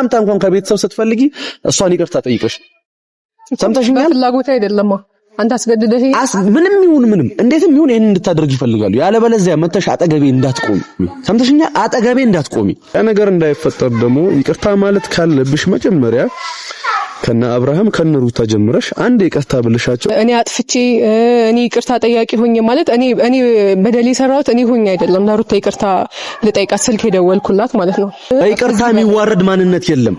ሰምታ እንኳን ከቤተሰብ ስትፈልጊ እሷን ይቅርታ ጠይቀሽ ሰምተሽኛል። ፍላጎት አይደለም አንተ አስገድደሽ ምንም ይሁን ምንም እንዴትም ይሁን ይሄን እንድታደርግ ይፈልጋሉ። ያለበለዚያ መተሽ አጠገቤ እንዳትቆሚ ሰምተሽኛል። አጠገቤ እንዳትቆሚ ነገር እንዳይፈጠር ደግሞ ይቅርታ ማለት ካለብሽ መጀመሪያ ከነ አብርሃም ከነ ሩታ ጀምረሽ አንድ ይቅርታ ብልሻቸው እኔ አጥፍቼ እኔ ይቅርታ ጠያቂ ሆኜ ማለት እኔ እኔ በደሌ ሰራሁት እኔ ሆኜ አይደለም። ለሩታ ይቅርታ ልጠይቃት ስልክ የደወልኩላት ማለት ነው። በይቅርታ የሚዋረድ ማንነት የለም።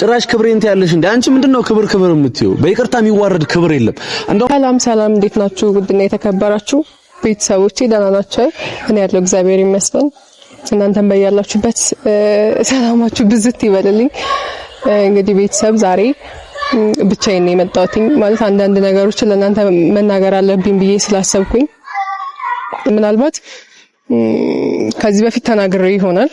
ጭራሽ ክብር እንት ያለሽ እንዴ? አንቺ ምንድነው ክብር ክብር የምትዩ? በይቅርታ የሚዋረድ ክብር የለም። እንደው ሰላም ሰላም፣ እንዴት ናችሁ? ውድና የተከበራችሁ ቤተሰቦቼ ደህና ናቸው? እኔ ያለው እግዚአብሔር ይመስገን። እናንተም በያላችሁበት ሰላማችሁ ብዝት ይበልልኝ። እንግዲህ ቤተሰብ ዛሬ ብቻዬን ነው የመጣሁትኝ። ማለት አንዳንድ ነገሮችን ለእናንተ መናገር አለብኝ ብዬ ስላሰብኩኝ ምናልባት ከዚህ በፊት ተናግሬ ይሆናል።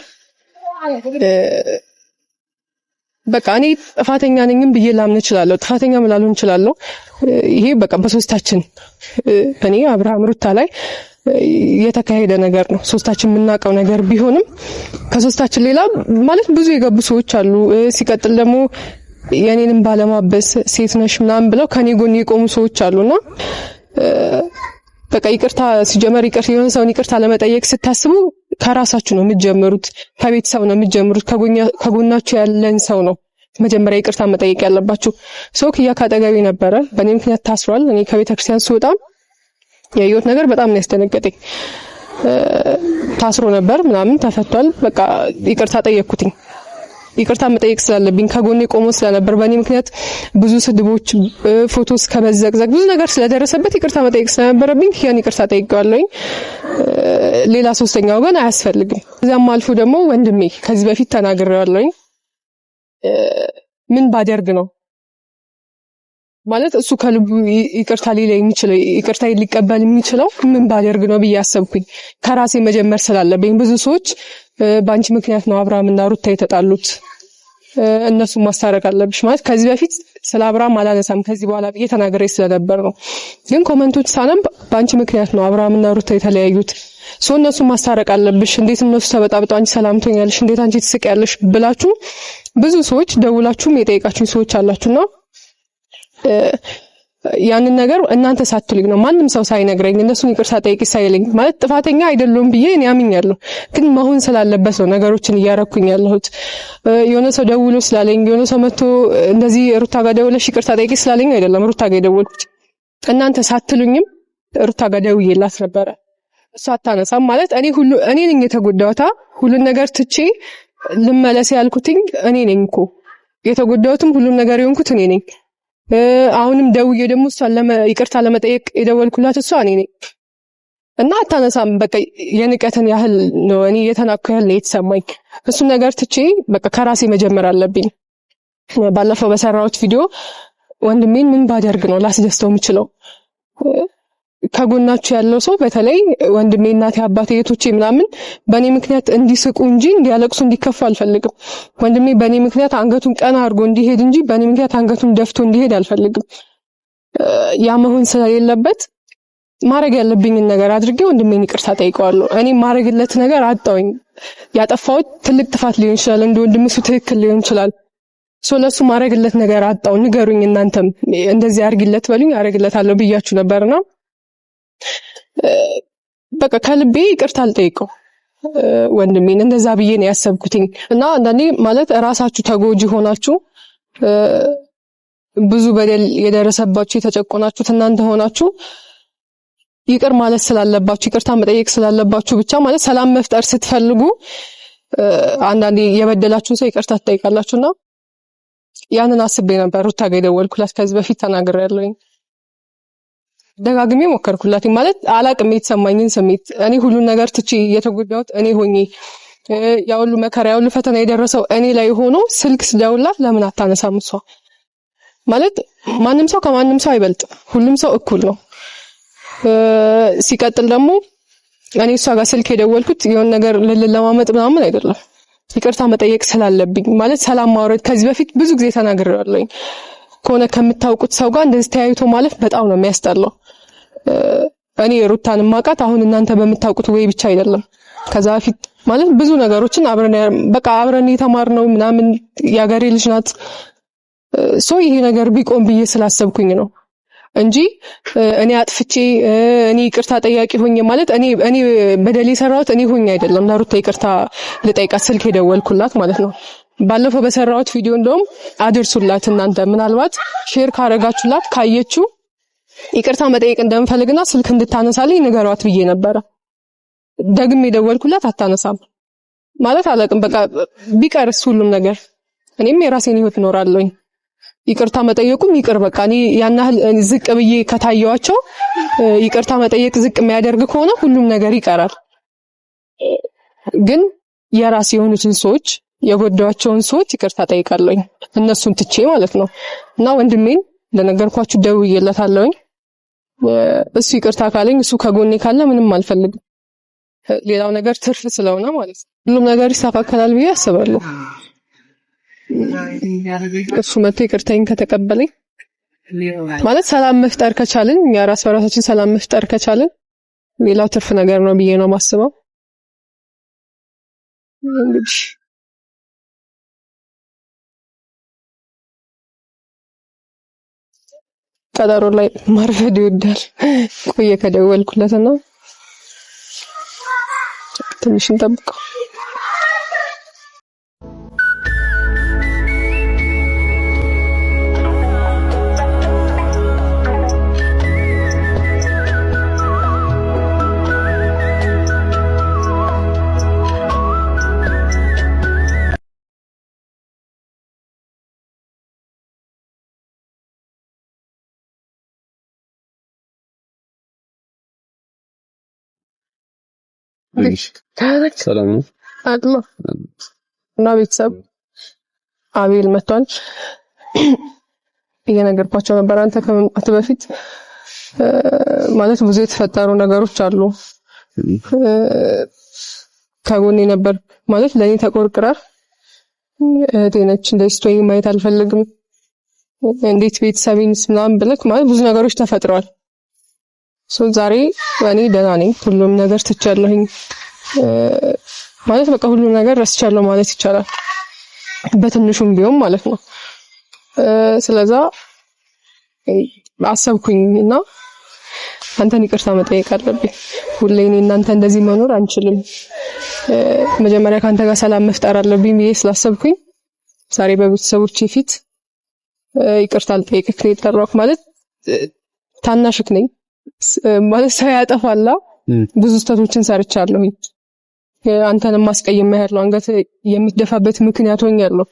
በቃ እኔ ጥፋተኛ ነኝም ብዬ ላምን እችላለሁ፣ ጥፋተኛ ምላሉን እችላለሁ። ይሄ በቃ በሶስታችን እኔ አብርሃም ሩታ ላይ የተካሄደ ነገር ነው። ሶስታችን የምናውቀው ነገር ቢሆንም ከሶስታችን ሌላ ማለት ብዙ የገቡ ሰዎች አሉ። ሲቀጥል ደግሞ የኔንም ባለማበስ ሴት ነሽ ምናምን ብለው ከኔ ጎን የቆሙ ሰዎች አሉና በቃ ይቅርታ ሲጀመር ይቅር የሆነ ሰውን ይቅርታ ለመጠየቅ ስታስቡ ከራሳችሁ ነው የምትጀምሩት፣ ከቤተሰብ ነው የምትጀምሩት፣ ከጎናችሁ ያለን ሰው ነው መጀመሪያ ይቅርታ መጠየቅ ያለባችሁ። ሰው ክያ ካጠገቤ ነበረ፣ በእኔ ምክንያት ታስሯል። እኔ ከቤተክርስቲያን ስወጣም ያየሁት ነገር በጣም ነው ያስደነገጠኝ። ታስሮ ነበር ምናምን ተፈቷል። በቃ ይቅርታ ጠየቅኩትኝ። ይቅርታ መጠየቅ ስላለብኝ ከጎኔ ቆሞ ስለነበር በእኔ ምክንያት ብዙ ስድቦች፣ ፎቶ እስከመዘቅዘቅ ብዙ ነገር ስለደረሰበት ይቅርታ መጠየቅ ስለነበረብኝ ያን ይቅርታ ጠይቀዋለኝ። ሌላ ሶስተኛ ወገን አያስፈልግም። እዚያም አልፎ ደግሞ ወንድሜ ከዚህ በፊት ተናግሬዋለሁኝ ምን ባደርግ ነው ማለት እሱ ከልቡ ይቅርታ ሊለ የሚችለው ይቅርታ ሊቀበል የሚችለው ምን ባደርግ ነው ብዬ አሰብኩኝ። ከራሴ መጀመር ስላለብኝ ብዙ ሰዎች በአንቺ ምክንያት ነው እና ሩታ የተጣሉት፣ እነሱን ማስታረቅ አለብሽ ማለት ከዚህ በፊት ስለ አብርሃም አላነሳም ከዚህ በኋላ ብዬ ተናገሬ ስለነበር ነው። ግን ኮመንቶች ሳነም በአንቺ ምክንያት ነው እና ሩታ የተለያዩት፣ ሶ እነሱን ማስታረቅ አለብሽ፣ እንዴት እነሱ ተበጣብጠው አንቺ ሰላም ትሆኛለሽ፣ እንዴት አንቺ ትስቅ ያለሽ ብላችሁ ብዙ ሰዎች ደውላችሁም የጠየቃችሁ ሰዎች አላችሁና ያንን ነገር እናንተ ሳትሉኝ ነው ማንም ሰው ሳይነግረኝ እነሱን ይቅርታ ጠይቂ ሳይልኝ ማለት ጥፋተኛ አይደለሁም ብዬ እኔ አምኛለሁ። ግን መሆን ስላለበት ነው ነገሮችን እያረኩኝ ያለሁት። የሆነ ሰው ደውሎ ስላለኝ የሆነ ሰው መቶ እንደዚህ ሩታ ጋር ደውለሽ ይቅርታ ጠይቂ ስላለኝ አይደለም ሩታ ጋር የደወልኩት። እናንተ ሳትሉኝም ሩታ ጋር ደውዬላት ነበረ። እሷ አታነሳም ማለት እኔ ሁሉ እኔ ነኝ የተጎዳሁታ። ሁሉን ነገር ትቼ ልመለስ ያልኩትኝ እኔ ነኝ እኮ የተጎዳሁትም ሁሉም ነገር የሆንኩት እኔ ነኝ። አሁንም ደውዬ ደግሞ እሷን ይቅርታ ለመጠየቅ የደወልኩላት እሷ እኔ ነኝ እና አታነሳም። በቃ የንቀትን ያህል ነው እኔ እየተናኩ ያህል ነው የተሰማኝ። እሱን ነገር ትቼ በቃ ከራሴ መጀመር አለብኝ። ባለፈው በሰራሁት ቪዲዮ ወንድሜን ምን ባደርግ ነው ላስደስተው የምችለው? ከጎናችሁ ያለው ሰው በተለይ ወንድሜ፣ እናቴ፣ አባቴ፣ እህቶቼ ምናምን በእኔ ምክንያት እንዲስቁ እንጂ እንዲያለቅሱ እንዲከፉ አልፈልግም። ወንድሜ በእኔ ምክንያት አንገቱን ቀና አድርጎ እንዲሄድ እንጂ በእኔ ምክንያት አንገቱን ደፍቶ እንዲሄድ አልፈልግም። ያ መሆን ስለሌለበት ማድረግ ያለብኝን ነገር አድርጌ ወንድሜን ይቅርታ ጠይቀዋለሁ። እኔ ማድረግለት ነገር አጣውኝ ያጠፋሁት ትልቅ ጥፋት ሊሆን ይችላል። እንደ ወንድም እሱ ትክክል ሊሆን ይችላል። ሰው ለእሱ ማድረግለት ነገር አጣው። ንገሩኝ እናንተም እንደዚህ አርግለት በሉኝ፣ አለው ብያችሁ ነበርና በቃ ከልቤ ይቅርታ አልጠይቀው ወንድሜን እንደዛ ብዬ ነው ያሰብኩትኝ። እና አንዳንዴ ማለት ራሳችሁ ተጎጂ ሆናችሁ ብዙ በደል የደረሰባችሁ የተጨቆናችሁት እናንተ ሆናችሁ ይቅር ማለት ስላለባችሁ ይቅርታ መጠየቅ ስላለባችሁ ብቻ ማለት ሰላም መፍጠር ስትፈልጉ አንዳንዴ የበደላችሁን ሰው ይቅርታ ትጠይቃላችሁና ያንን አስቤ ነበር ሩታ ጋ የደወልኩላት። ከዚህ በፊት ተናግሬያለሁኝ። ደጋግሜ ሞከርኩላት። ማለት አላቅም የተሰማኝን ስሜት እኔ ሁሉን ነገር ትቼ እየተጎዳሁት እኔ ሆኜ ያ መከራ ያ ፈተና የደረሰው እኔ ላይ ሆኖ ስልክ ስደውላት ለምን አታነሳም? እሷ ማለት ማንም ሰው ከማንም ሰው አይበልጥም። ሁሉም ሰው እኩል ነው። ሲቀጥል ደግሞ እኔ እሷ ጋር ስልክ የደወልኩት የሆን ነገር ለማመጥ ምናምን አይደለም፣ ይቅርታ መጠየቅ ስላለብኝ ማለት ሰላም ማውረድ ከዚህ በፊት ብዙ ጊዜ ተናግሬያለሁኝ። ከሆነ ከምታውቁት ሰው ጋር እንደዚህ ተያይቶ ማለፍ በጣም ነው የሚያስጠላው። እኔ ሩታን ማቃት አሁን እናንተ በምታውቁት ወይ ብቻ አይደለም ከዛ በፊት ማለት ብዙ ነገሮችን አብረን በቃ አብረን የተማርነው ምናምን የአገሬ ልጅ ናት። ሶ ይሄ ነገር ቢቆም ብዬ ስላሰብኩኝ ነው እንጂ እኔ አጥፍቼ እኔ ይቅርታ ጠያቂ ሆኜ ማለት እኔ እኔ በደሌ የሰራሁት እኔ ሆኜ አይደለም። ለሩታ ይቅርታ ልጠይቃት ስልክ የደወልኩላት ማለት ነው። ባለፈው በሰራሁት ቪዲዮ እንደውም አድርሱላት እናንተ ምናልባት ሼር ካረጋችሁላት ካየችው ይቅርታ መጠየቅ እንደምፈልግና ስልክ እንድታነሳልኝ ንገሯት ብዬ ነበረ። ደግሜ ደወልኩላት አታነሳም። ማለት አላቅም በቃ ቢቀርስ ሁሉም ነገር እኔም የራሴን ህይወት እኖራለሁኝ። ይቅርታ መጠየቁም ይቅር በቃ እኔ ያን ያህል ዝቅ ብዬ ከታየዋቸው ይቅርታ መጠየቅ ዝቅ የሚያደርግ ከሆነ ሁሉም ነገር ይቀራል። ግን የራሴ የሆኑትን ሰዎች የጎዳቸውን ሰዎች ይቅርታ ጠይቃለኝ እነሱን ትቼ ማለት ነው። እና ወንድሜን እንደነገርኳችሁ ደውዬለታለሁኝ። እሱ ይቅርታ ካለኝ እሱ ከጎኔ ካለ ምንም አልፈልግም። ሌላው ነገር ትርፍ ስለሆነ ማለት ነው ሁሉም ነገር ይስተካከላል ብዬ አስባለሁ። እሱ መጥቶ ይቅርታኝ ከተቀበለኝ ማለት ሰላም መፍጠር ከቻልን ራስ በራሳችን ሰላም መፍጠር ከቻልን ሌላው ትርፍ ነገር ነው ብዬ ነው የማስበው እንግዲህ ቀጠሮ ላይ ማርፈድ ይወዳል። ቆየ ነው ትንሽ እንጠብቀው። ሰላም ነው እና ቤተሰብ አቤል መቷል። እየነገርኳቸው ነበር። አንተ ከመምጣት በፊት ማለት ብዙ የተፈጠሩ ነገሮች አሉ። ከጎኔ ነበር ማለት ለእኔ ተቆርቅረር እህቴ ነች እንደዚህ ማየት አልፈልግም፣ እንዴት ቤተሰቤንስ ምናምን ብለክ ማለት ብዙ ነገሮች ተፈጥረዋል። ሶ ዛሬ እኔ ደህና ነኝ። ሁሉም ነገር ትቻለሁኝ ማለት በቃ ሁሉም ነገር ረስቻለሁ ማለት ይቻላል፣ በትንሹም ቢሆን ማለት ነው። ስለዛ አሰብኩኝ እና አንተን ይቅርታ መጠየቅ አለብኝ። ሁሌ እኔ እናንተ እንደዚህ መኖር አንችልም፣ መጀመሪያ ከአንተ ጋር ሰላም መፍጠር አለብኝ ብዬ ስላሰብኩኝ ዛሬ በቤተሰቦቼ ፊት ይቅርታ ልጠይቅህ ነው የጠራሁት። ማለት ታናሽክ ነኝ ማለት ሰው ያጠፋላ ብዙ ስህተቶችን ሰርቻለሁ። አንተን ማስቀየም ያለው አንገት የምትደፋበት ምክንያት ሆኛለሁ።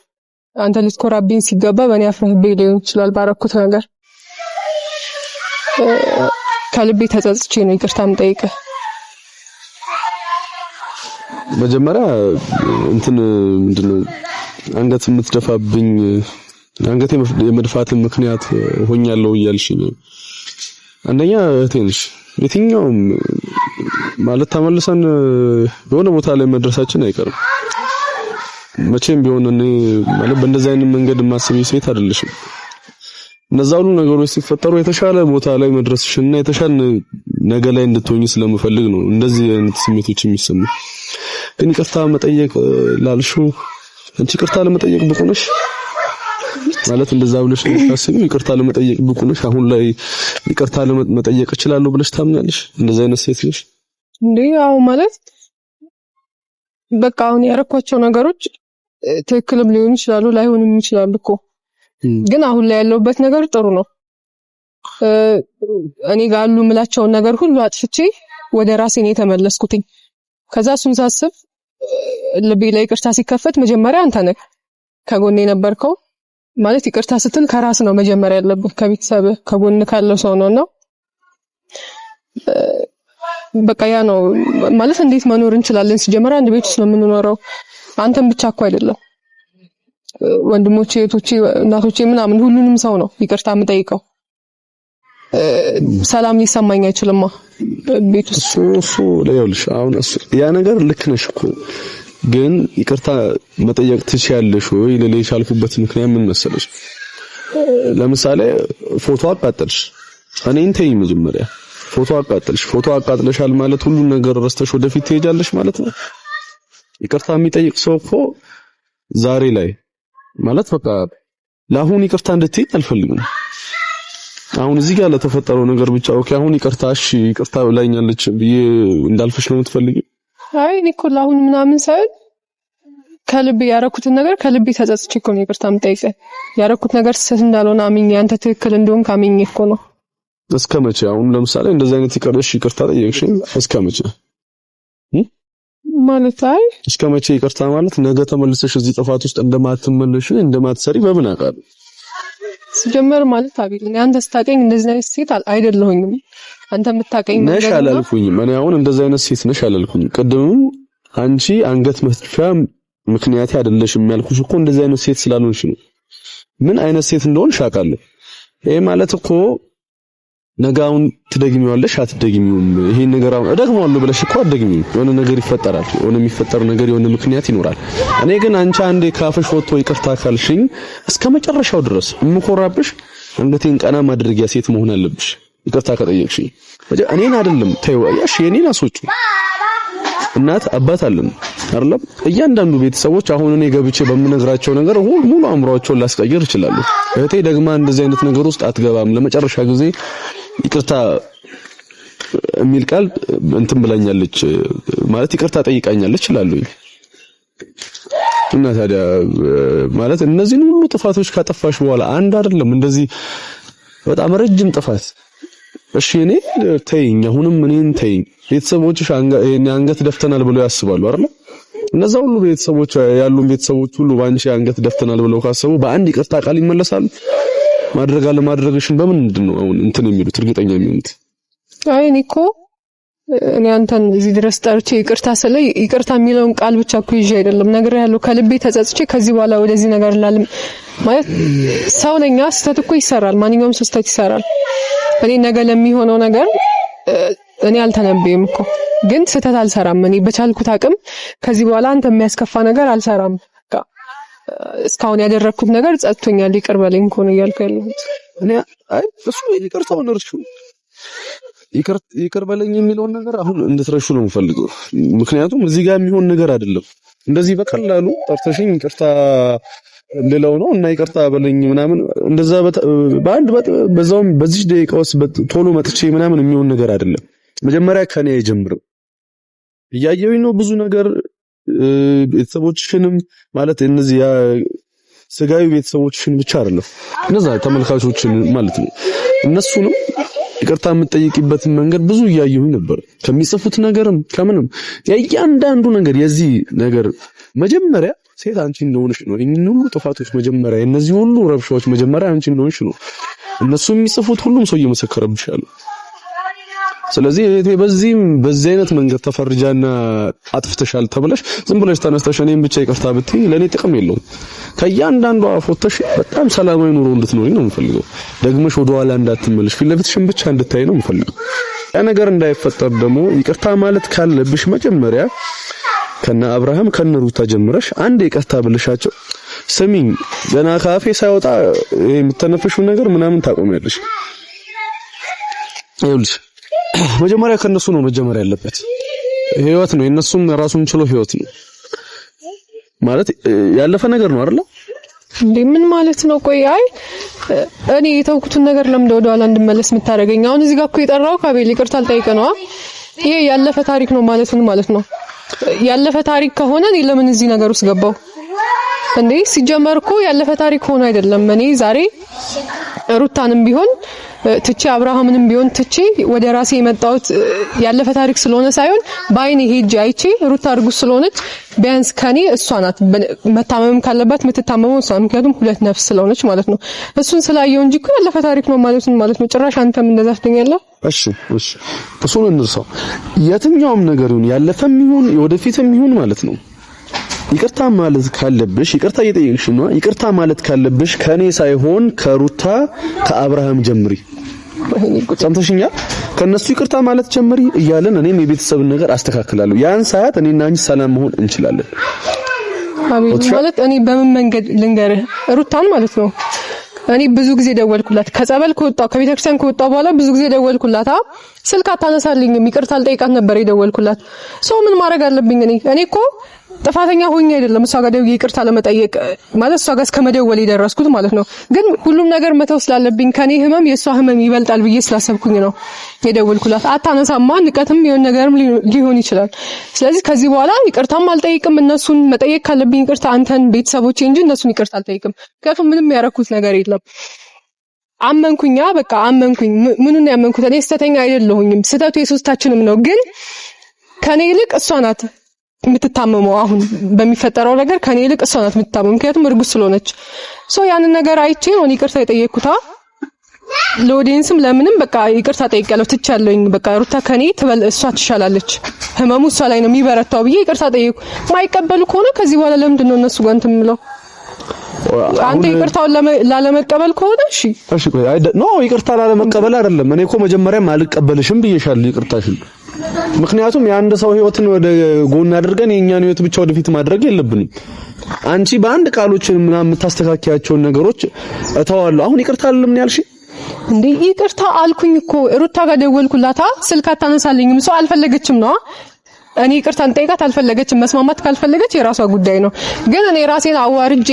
አንተ ልትኮራብኝ ሲገባ በእኔ አፍረህብኝ ሊሆን ይችላል ባረኩት ነገር። ከልቤ ተጸጽቼ ነው ይቅርታ የምጠይቅህ። መጀመሪያ እንትን ምንድን ነው አንገት የምትደፋብኝ አንገት የመድፋትን ምክንያት ሆኛለሁ እያልሽኝ አንደኛ እህቴ ነች። የትኛውም ማለት ተመልሰን የሆነ ቦታ ላይ መድረሳችን አይቀርም። መቼም ቢሆን እኔ ማለት በእንደዚህ አይነት መንገድ የማስብ ሴት አይደለሽም። እነዛ ሁሉ ነገሮች ሲፈጠሩ የተሻለ ቦታ ላይ መድረስሽና የተሻለ ነገ ላይ እንድትሆኝ ስለምፈልግ ነው እንደዚህ አይነት ስሜቶች የሚሰሙ። ግን ይቅርታ መጠየቅ ላልሽው አንቺ ይቅርታ ለመጠየቅ ብቁ ነሽ። ማለት እንደዛ ብለሽ ታስቢ ይቅርታ ለመጠየቅ ብቁ ነሽ? አሁን ላይ ይቅርታ ለመጠየቅ እችላለሁ ብለሽ ታምኛለሽ? እንደዛ አይነት ሴት ነሽ እንዴ? አዎ ማለት በቃ አሁን ያረኳቸው ነገሮች ትክክልም ሊሆን ይችላሉ፣ ላይሆንም ይችላል እኮ ግን አሁን ላይ ያለውበት ነገር ጥሩ ነው። እኔ ጋር ያሉ የምላቸውን ነገር ሁሉ አጥፍቼ ወደ ራሴ ነው የተመለስኩትኝ። ከዛ እሱን ሳስብ ልቤ ላይ ቅርታ ሲከፈት መጀመሪያ አንተ ነህ ከጎኔ የነበርከው ማለት ይቅርታ ስትል ከራስ ነው መጀመሪያ ያለብህ፣ ከቤተሰብ ከጎን ካለው ሰው ነው እና በቃ ያ ነው ማለት እንዴት መኖር እንችላለን? ሲጀመር አንድ ቤት ውስጥ ነው የምንኖረው። አንተም ብቻ እኮ አይደለም ወንድሞቼ፣ እህቶቼ፣ እናቶቼ ምናምን ሁሉንም ሰው ነው ይቅርታ የምጠይቀው። ሰላም ሊሰማኝ አይችልማ ቤት ውስጥ። እሱ ይኸውልሽ አሁን ያ ነገር ልክ ነሽ እኮ ግን ይቅርታ መጠየቅ ትችያለሽ ወይ ልልሽ የቻልኩበት ምክንያት ምን መሰለሽ? ለምሳሌ ፎቶ አቃጠልሽ፣ እኔን ተይኝ። መጀመሪያ ፎቶ አቃጠልሽ፣ ፎቶ አቃጥለሻል ማለት ሁሉን ነገር ረስተሽ ወደፊት ትሄጃለሽ ማለት ነው። ይቅርታ የሚጠይቅ ሰው እኮ ዛሬ ላይ ማለት በቃ ለአሁን ይቅርታ እንድትይኝ አልፈልግም። አሁን እዚህ ጋር ለተፈጠረው ነገር ብቻ ኦኬ፣ አሁን ይቅርታ እሺ፣ ይቅርታ ብላኛለች ብዬ እንዳልፈሽ ነው የምትፈልጊው አይ እኔ እኮ ለአሁን ምናምን ሳይሆን ከልቤ ያረኩትን ነገር ከልቤ ተጸጽቼ እኮ ነው ይቅርታ የምጠይቀህ። ያረኩት ነገር ስህተት እንዳልሆነ አምኜ አንተ ትክክል እንደሆንክ አምኜ እኮ ነው። እስከ መቼ አሁን ለምሳሌ እንደዚህ አይነት ይቅርሽ ይቅርታ ጠየቅሽኝ እስከ መቼ ማለት? አይ እስከ መቼ ይቅርታ ማለት ነገ ተመልሰሽ እዚህ ጥፋት ውስጥ እንደማትመለሽ እንደማትሰሪ በምን አውቃለሁ? ሲጀመር ማለት አቤል እኔ አንተ ስታውቀኝ እንደዚህ አይነት ሴት አይደለሁኝም። አንተ የምታቀኝ ነሽ አላልኩኝም። እኔ አሁን እንደዛ አይነት ሴት ነሽ አላልኩኝም። ቅድምም አንቺ አንገት መስፈሻ ምክንያት አይደለሽም ያልኩሽ እኮ እንደዛ አይነት ሴት ስላልሆንሽ ነው። ምን አይነት ሴት እንደሆንሽ አውቃለሁ። ይሄ ማለት እኮ ነጋውን ትደግሚዋለሽ አትደግሚውም? ይሄን ነገር አሁን እደግመዋለሁ ብለሽ እኮ አትደግሚውም። የሆነ ነገር ይፈጠራል። የሆነ የሚፈጠር ነገር የሆነ ምክንያት ይኖራል። እኔ ግን አንቺ አንዴ ካፍሽ ወጥቶ ይቅርታ ካልሽኝ እስከ መጨረሻው ድረስ እምኮራብሽ አንገቴን ቀና ማድረጊያ ሴት መሆን አለብሽ። ይቅርታ ከጠየቅሽ እኔን አይደለም ተይው። እሺ የኔን አስወጪው። እናት አባት አለን አይደለም። እያንዳንዱ ቤተሰቦች አሁን እኔ ገብቼ በምነግራቸው ነገር ሙሉ አእምሯቸውን ላስቀይር ይችላሉ። እህቴ ደግማ እንደዚህ አይነት ነገር ውስጥ አትገባም። ለመጨረሻ ጊዜ ይቅርታ የሚል ቃል እንትን ብላኛለች ማለት ይቅርታ ጠይቃኛለች ይላሉ። እና ታዲያ ማለት እነዚህን ሁሉ ጥፋቶች ካጠፋሽ በኋላ አንድ አይደለም እንደዚህ በጣም ረጅም ጥፋት እሺ እኔ ተይኝ፣ አሁንም እኔን ተይኝ። ቤተሰቦችሽ አንገት ደፍተናል ብለው ያስባሉ አይደል? እነዛ ሁሉ ቤተሰቦች ያሉን ቤተሰቦች ሁሉ በአንቺ አንገት ደፍተናል ብለው ካሰቡ በአንድ ይቅርታ ቃል ይመለሳሉ? ማድረግ አለማድረግሽን በምንድን ነው አሁን እንትን የሚሉት እርግጠኛ የሚሆኑት? አይ እኔ እኮ እኔ አንተን እዚህ ድረስ ጠርቼ ይቅርታ ስለ ይቅርታ የሚለውን ቃል ብቻ እኮ ይዤ አይደለም ነገር ያለው ከልቤ ተጸጽቼ ከዚህ በኋላ ወደዚህ ነገር ላልም። ማለት ሰው ነኝ። ስህተት እኮ ይሰራል፣ ማንኛውም ሰው ስህተት ይሰራል። እኔ ነገ ለሚሆነው ነገር እኔ አልተነበየም እኮ ግን ስህተት አልሰራም። እኔ በቻልኩት አቅም ከዚህ በኋላ አንተ የሚያስከፋ ነገር አልሰራም። እስካሁን ያደረግኩት ነገር ጸጥቶኛል፣ ይቅር በለኝ እኮ ነው እያልኩ ያለሁት እኔ አይ እሱ ይቅርታውን እርሺው ይቅር በለኝ የሚለውን ነገር አሁን እንድትረሹ ነው የምፈልገው። ምክንያቱም እዚህ ጋር የሚሆን ነገር አይደለም። እንደዚህ በቀላሉ ጠርተሽኝ ይቅርታ ልለው ነው እና ይቅርታ በለኝ ምናምን እንደዛ በአንድ በዛውም በዚህ ደቂቃ ውስጥ ቶሎ መጥቼ ምናምን የሚሆን ነገር አይደለም። መጀመሪያ ከኔ አይጀምርም። እያየሁኝ ነው ብዙ ነገር ቤተሰቦችሽንም ማለት እነዚህ ያ ስጋዊ ቤተሰቦችሽን ብቻ አይደለም እነዛ ተመልካቾችን ማለት ነው እነሱንም ይቅርታ የምጠይቅበትን መንገድ ብዙ እያየሁኝ ነበር። ከሚጽፉት ነገርም ከምንም እያንዳንዱ ነገር የዚህ ነገር መጀመሪያ ሴት አንቺ እንደሆንሽ ነው። ይህን ሁሉ ጥፋቶች መጀመሪያ እነዚህ ሁሉ ረብሻዎች መጀመሪያ አንቺ እንደሆንሽ ነው። እነሱ የሚጽፉት ሁሉም ሰው እየመሰከረብሻለሁ ስለዚህ እህቴ በዚህም በዚህ አይነት መንገድ ተፈርጃና አጥፍተሻል ተብለሽ ዝም ብለሽ ተነስተሽ እኔም ብቻ ይቅርታ ብትይ ለኔ ጥቅም የለውም። ከእያንዳንዷ አፎተሽ በጣም ሰላማዊ ኑሮ እንድትኖሪ ነው የምፈልገው። ደግመሽ ወደ ኋላ እንዳትመለሽ ፊት ለፊትሽን ብቻ እንድታይ ነው የምፈልገው። ያ ነገር እንዳይፈጠር ደግሞ ይቅርታ ማለት ካለብሽ መጀመሪያ ከነ አብርሃም ከነ ሩታ ጀምረሽ አንድ ይቅርታ ብልሻቸው ስሚኝ፣ ገና ካፌ ሳይወጣ የምተነፈሽው ነገር ምናምን ታቆሚያለሽ። ይኸውልሽ መጀመሪያ ከነሱ ነው መጀመሪያ ያለበት። ህይወት ነው የነሱም ራሱን ችሎ ህይወት ነው ማለት ያለፈ ነገር ነው አይደል? እንዴ ምን ማለት ነው? ቆይ አይ እኔ የተውኩትን ነገር ለምን ወደ ኋላ እንድመለስ የምታደርገኝ? አሁን እዚህ ጋር እኮ የጠራው ካቤል ይቅርታ ነው። ይሄ ያለፈ ታሪክ ነው ማለት ምን ማለት ነው? ያለፈ ታሪክ ከሆነ እኔ ለምን እዚህ ነገር ውስጥ ገባው? እንዴ ሲጀመር እኮ ያለፈ ታሪክ ሆኖ አይደለም እኔ ዛሬ ሩታንም ቢሆን ትቼ አብርሃምንም ቢሆን ትቼ ወደ ራሴ የመጣሁት ያለፈ ታሪክ ስለሆነ ሳይሆን በአይኔ ሄጄ አይቼ ሩታ እርጉዝ ስለሆነች ቢያንስ ከኔ እሷ ናት መታመም ካለባት የምትታመመው እሷ ምክንያቱም ሁለት ነፍስ ስለሆነች ማለት ነው። እሱን ስላየው እንጂ እኮ ያለፈ ታሪክ ነው ማለት ነው ማለት ነው። ጭራሽ አንተም እንደዛ ትገኛለህ። እሺ፣ እሺ፣ እሱን እንርሳው። የትኛውም ነገር ይሁን ያለፈም ይሁን ወደፊትም ይሁን ማለት ነው ይቅርታ ማለት ካለብሽ ይቅርታ እየጠየቅሽ ነው። ይቅርታ ማለት ካለብሽ ከኔ ሳይሆን ከሩታ ከአብርሃም ጀምሪ። ሰምተሽኛል? ከነሱ ይቅርታ ማለት ጀምሪ እያለን እኔም የቤተሰብን ነገር አስተካክላለሁ። ያን ሰዓት እኔና አንቺ ሰላም መሆን እንችላለን። አቤት ማለት እኔ በምን መንገድ ልንገርህ? ሩታን ማለት ነው እኔ ብዙ ጊዜ ደወልኩላት። ከጸበል ከወጣ ከቤተክርስቲያን ከወጣ በኋላ ብዙ ጊዜ ደወልኩላት። ስልክ አታነሳልኝም። ይቅርታ ልጠይቃት ነበር የደወልኩላት። ሰው ምን ማድረግ አለብኝ እኔ እኔ እኮ ጥፋተኛ ሆኜ አይደለም እሷ ጋር ደውዬ ይቅርታ ለመጠየቅ ማለት እሷ ጋር እስከ የደረስኩት ማለት ነው። ግን ሁሉም ነገር መተው ስላለብኝ ከኔ ህመም የእሷ ህመም ይበልጣል ብዬ ስላሰብኩኝ ነው የደወልኩላት። አታነሳማ፣ ንቀትም የሆነ ነገርም ሊሆን ይችላል። ስለዚህ ከዚህ በኋላ ይቅርታም አልጠይቅም። እነሱን መጠየቅ ካለብኝ ይቅርታ አንተን፣ ቤተሰቦቼ እንጂ እነሱን ይቅርታ አልጠይቅም። ምክንያቱም ምንም ያረኩት ነገር የለም። አመንኩኛ፣ በቃ አመንኩኝ። ምኑን ያመንኩት እኔ ስህተተኛ አይደለሁኝም። ስህተቱ የሶስታችንም ነው። ግን ከኔ ይልቅ እሷ ናት የምትታመመው አሁን በሚፈጠረው ነገር ከኔ ይልቅ እሷ ናት የምትታመመው፣ ምክንያቱም እርጉዝ ስለሆነች። ሶ ያንን ነገር አይቼ ነው ይቅርታ የጠየቅኩታ። ለኦዲየንስም ለምንም በቃ ይቅርታ ጠይቄያለሁ። ትቻለኝ በቃ ሩታ ከኔ እሷ ትሻላለች፣ ህመሙ እሷ ላይ ነው የሚበረታው ብዬ ይቅርታ ጠየቅኩ። ማይቀበሉ ከሆነ ከዚህ በኋላ ለምንድን ነው እነሱ ጋር እንትን የምለው? አንተ ይቅርታውን ላለመቀበል ከሆነ እሺ፣ እሺ፣ ቆይ አይ፣ ኖ ይቅርታ ላለመቀበል አይደለም። እኔ እኮ መጀመሪያም አልቀበልሽም ብዬሻለሁ ይቅርታሽን ምክንያቱም የአንድ ሰው ህይወትን ወደ ጎን አድርገን የእኛን ህይወት ብቻ ወደፊት ማድረግ የለብንም። አንቺ በአንድ ቃሎችን ምናምን የምታስተካክያቸውን ነገሮች እተዋለሁ። አሁን ይቅርታ አይደለም ያልሽ እንዴ? ይቅርታ አልኩኝ እኮ ሩታ ጋር ደወልኩላታ፣ ስልክ አታነሳልኝም። ሰው አልፈለገችም ነዋ እኔ ይቅርታ እንጠይቃት አልፈለገችም። መስማማት ካልፈለገች የራሷ ጉዳይ ነው። ግን እኔ ራሴን አዋርጄ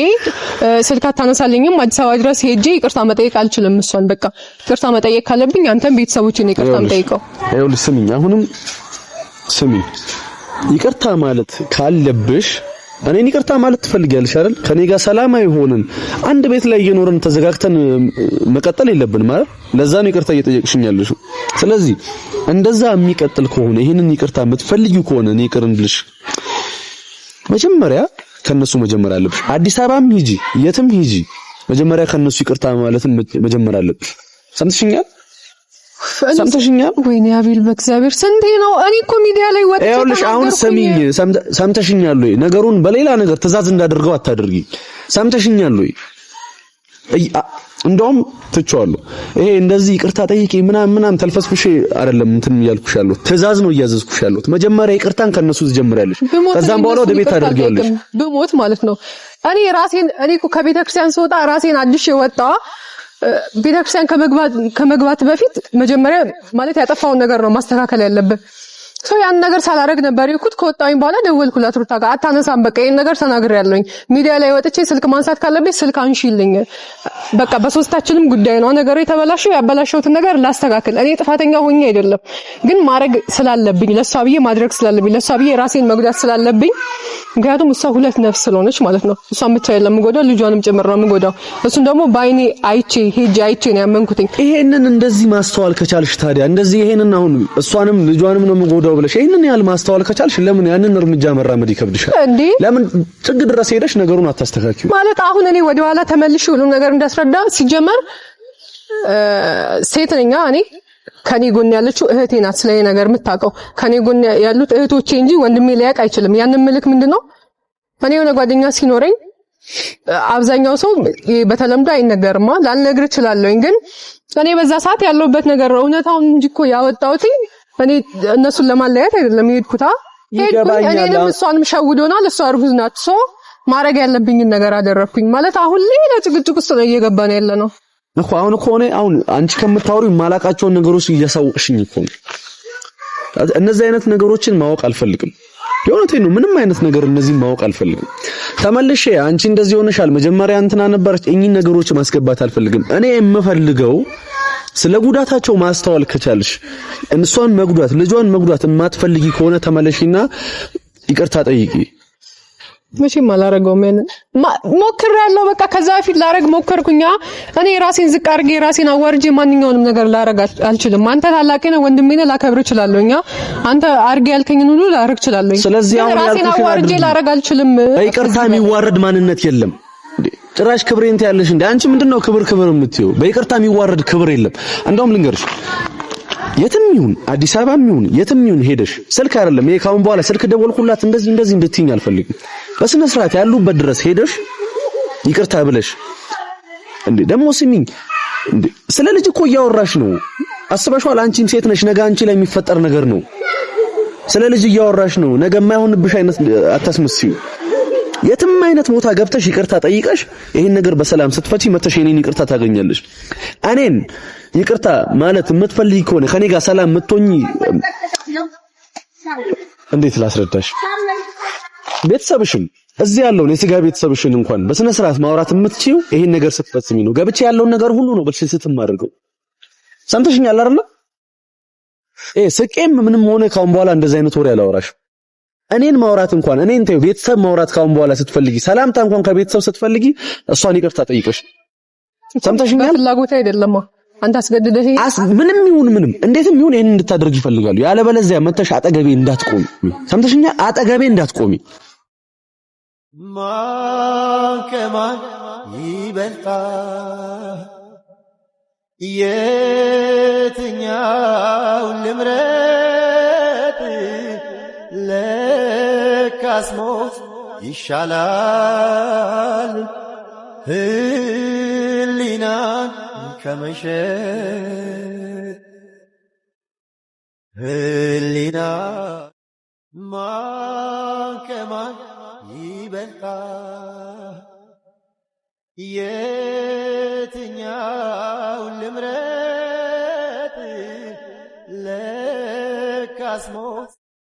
ስልክ አታነሳልኝም፣ አዲስ አበባ ድረስ ሄጄ ይቅርታ መጠየቅ አልችልም። እሷን በቃ ይቅርታ መጠየቅ ካለብኝ አንተም ቤተሰቦችን ይቅርታ የምጠይቀው። ይኸውልሽ ስሚኝ፣ አሁንም ስሚኝ፣ ይቅርታ ማለት ካለብሽ እኔን ይቅርታ ማለት ትፈልጊያለሽ አይደል? ከኔ ጋር ሰላማዊ ሆነን አንድ ቤት ላይ እየኖረን ተዘጋግተን መቀጠል የለብን ማለት ለዛ ነው ይቅርታ እየጠየቅሽኝ ስለዚህ እንደዛ የሚቀጥል ከሆነ ይህንን ይቅርታ የምትፈልጊው ከሆነ እኔ ይቅር እንድልሽ መጀመሪያ ከነሱ መጀመር አለብሽ። አዲስ አበባም ሂጂ፣ የትም ሂጂ፣ መጀመሪያ ከነሱ ይቅርታ ማለትን መጀመር አለብሽ። ሰምትሽኛል? ሰምተሽኛል? ወይኔ አቤል በእግዚአብሔር ስንቴ ነው? እኔ እኮ ሚዲያ ላይ ወጥቼ ይኸውልሽ፣ አሁን ሰሚኝ። ሰምተሽኛል ወይ? ነገሩን በሌላ ነገር ትዕዛዝ እንዳደርገው አታደርጊ። ሰምተሽኛል ወይ? እንደውም ትቼዋለሁ። ይሄ እንደዚህ ይቅርታ ጠይቄ ምናምን ምናምን ተልፈስፍሽ አይደለም እንትን እያልኩሽ ያለሁት ትዕዛዝ ነው እያዘዝኩሽ ያለሁት። መጀመሪያ ይቅርታን ከነሱ ትጀምሪያለሽ፣ ከዛም በኋላ ወደ ቤት ታደርጊዋለሽ። ብሞት ማለት ነው እኔ ራሴን እኔ እኮ ከቤተክርስቲያን ስወጣ ራሴን አድሽ የወጣ ቤተክርስቲያን ከመግባት በፊት መጀመሪያ ማለት ያጠፋውን ነገር ነው ማስተካከል ያለብን። ሰው ያን ነገር ሳላረግ ነበር ይኩት ከወጣኝ በኋላ ደወልኩላት ሩታ ጋር አታነሳም። በቃ ይህን ነገር ያለኝ ሚዲያ ላይ ወጥቼ ስልክ ማንሳት ካለብኝ ስልክ አንሺልኝ። በቃ በሶስታችንም ጉዳይ ነው ነገሩ የተበላሸው። ያበላሸውትን ነገር ላስተካክል። እኔ ጥፋተኛ ሆኜ አይደለም፣ ግን ማድረግ ስላለብኝ ለእሷ ብዬ ማድረግ ስላለብኝ ለእሷ ብዬ ራሴን መጉዳት ስላለብኝ ምክንያቱም እሷ ሁለት ነፍስ ስለሆነች ማለት ነው። እሷ ብቻ የለም የምጎዳው ልጇንም ጭምር ነው የምጎዳው። እሱን ደግሞ በአይኔ አይቼ ሄጄ አይቼ ነው ያመንኩትኝ። ይሄንን እንደዚህ ማስተዋል ከቻልሽ ታዲያ እንደዚህ ይሄንን አሁን እሷንም ልጇንም ነው የምጎዳው ብለሽ ይሄንን ያህል ማስተዋል ከቻልሽ ለምን ያንን እርምጃ መራመድ ይከብድሻል? እንዴ ለምን ጥግ ድረስ ሄደሽ ነገሩን አታስተካኪው? ማለት አሁን እኔ ወደኋላ ተመልሼ ሁሉም ነገር እንዳስረዳ ሲጀመር ሴት ነኝ እኔ ከኔ ጎን ያለችው እህቴ ናት። ስለዚህ ነገር የምታውቀው ከኔ ጎን ያሉት እህቶቼ እንጂ ወንድሜ ሊያውቅ አይችልም። ያንን ምልክ ምንድን ነው? እኔ የሆነ ጓደኛ ሲኖረኝ አብዛኛው ሰው በተለምዶ አይነገርማ ላልነግር እችላለሁኝ፣ ግን እኔ በዛ ሰዓት ያለሁበት ነገር እውነታውን እንጂ እኮ ያወጣሁት እኔ እነሱን ለማለያት አይደለም የሄድኩታ እኔንም እሷንም ሸውዶናል። እሷ እርጉዝ ናት። ሰው ማድረግ ያለብኝን ነገር አደረግኩኝ። ማለት አሁን ሌላ ጭቅጭቅ ውስጥ ነው እየገባ ነው ያለ ነው። እኮ አሁን እኮ እኔ አሁን አንቺ ከምታወሪ የማላውቃቸውን ነገሮች እያሳወቅሽኝ እኮ ነው። እነዚህ አይነት ነገሮችን ማወቅ አልፈልግም። የእውነቴን ነው። ምንም አይነት ነገር እነዚህ ማወቅ አልፈልግም። ተመልሼ አንቺ እንደዚህ ሆነሻል፣ መጀመሪያ እንትና ነበረች፣ እኚህን ነገሮች ማስገባት አልፈልግም። እኔ የምፈልገው ስለ ጉዳታቸው ማስተዋል ከቻልሽ፣ እሷን መጉዳት ልጇን መጉዳት የማትፈልጊ ከሆነ ተመለሽና ይቅርታ ጠይቂ። መቼም አላረገውም። ያንን ያለው በቃ ከዛ በፊት ላረግ ሞከርኩኛ። እኔ ራሴን ዝቅ አድርጌ ራሴን አዋርጄ ማንኛውንም ነገር ላረግ አልችልም። አንተ ታላቅ ነህ፣ ወንድሜ ነህ፣ ላከብር እችላለሁ። እኛ አንተ አድርጌ ያልከኝን ሁሉ ላረግ እችላለሁ። ስለዚህ አሁን ራሴን አዋርጄ ላረግ አልችልም። በይቅርታ የሚዋረድ ማንነት የለም። ጭራሽ ክብሬን ትያለሽ እንዴ! አንቺ ምንድነው ክብር ክብር የምትይው? በይቅርታ የሚዋረድ ክብር የለም። እንደውም ልንገርሽ የትም ይሁን አዲስ አበባም ይሁን የትም ይሁን ሄደሽ ስልክ አይደለም ይሄ ካሁን በኋላ ስልክ ደወልኩላት እንደዚህ እንደዚህ እንድትይኝ አልፈልግም። በስነ ስርዓት ያሉበት ድረስ ሄደሽ ይቅርታ ብለሽ እንዴ ደግሞ ስሚኝ፣ ስለ ልጅ እኮ እያወራሽ ነው። አስበሽዋል? አንቺም ሴት ነሽ። ነገ አንቺ ላይ የሚፈጠር ነገር ነው። ስለ ልጅ እያወራሽ ነው። ነገ የማይሆንብሽ አይነት አታስመስዩ። አይነት ቦታ ገብተሽ ይቅርታ ጠይቀሽ ይህን ነገር በሰላም ስትፈቺ መተሽ የኔን ይቅርታ ታገኛለሽ። እኔን ይቅርታ ማለት የምትፈልጊ ከሆነ ከኔ ጋር ሰላም የምትሆኚ እንዴት ላስረዳሽ? ቤተሰብሽም እዚህ ያለውን የስጋ ቤተሰብሽን እንኳን በስነ ስርዓት ማውራት የምትችይው ይህን ነገር ስትፈጽሚ ነው። ገብቼ ያለውን ነገር ሁሉ ነው ብልሽ ስትማርገው ሰምተሽኛል አይደል? ስቄም ምንም ሆነ ካሁን በኋላ እንደዚህ አይነት ወሬ አላወራሽም። እኔን ማውራት እንኳን እኔን ተይው፣ ቤተሰብ ማውራት ካሁን በኋላ ስትፈልጊ ሰላምታ እንኳን ከቤተሰብ ስትፈልጊ እሷን ይቅርታ ጠይቀሽ ሰምተሽኛል። ፍላጎት አይደለም አንተ አስገድደሽ ምንም ይሁን ምንም እንዴትም ይሁን ይሄን እንድታደርግ ይፈልጋሉ። ያለበለዚያ መተሽ አጠገቤ እንዳትቆሚ ሰምተሽኛል። አጠገቤ እንዳትቆሚ ማን ከማን ይበልጣል? የትኛው ልምረት ሞት ይሻላል ህሊናን ከመሸጥ ህሊና ማከማን ይበልጣል። ልምረት ልምረጥ ለካስሞት